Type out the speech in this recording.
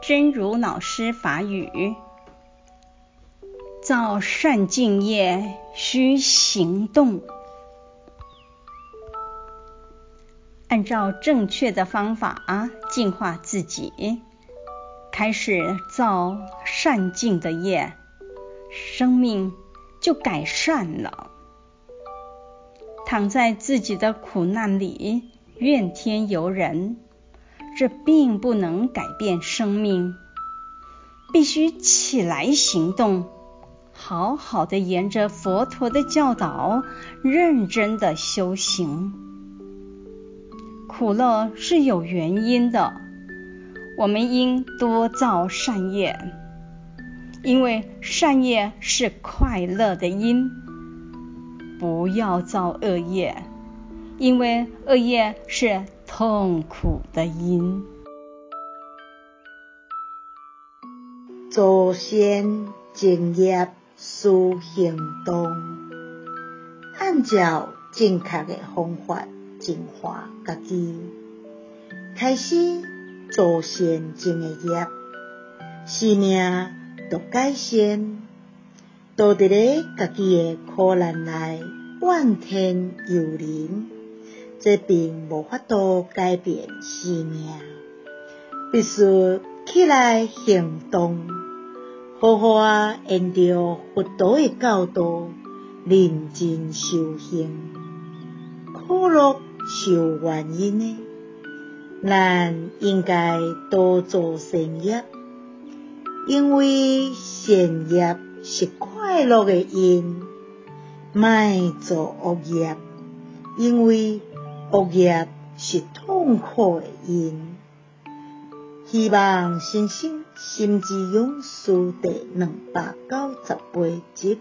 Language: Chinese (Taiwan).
真如老師法語：造善淨業須行動，按照正確的方法啊，淨化自己，開始造善淨的業，生命就改善了。躺在自己的苦難裡，怨天尤人。這並不能改變生命，必須起來行動，好好地沿着佛陀的教導，認真地修行。苦樂是有原因的，我們應多造善業，因為善業是快樂的因；不要造惡業，因為惡業是痛苦的因，造善淨業須行動，按照正確的方法淨化自己，開始造善淨的業，生命著改善，都佇咧自己的苦難內怨天尤人。這並無法度改變性命，必須起來行動，好好啊，沿着佛陀的教導，認真修行。苦樂是有原因的，人應該多做善業，因為善業是快樂的因；莫做惡業，因為。惡業是痛苦的因，希望新生心，心之勇士第二百九十八集。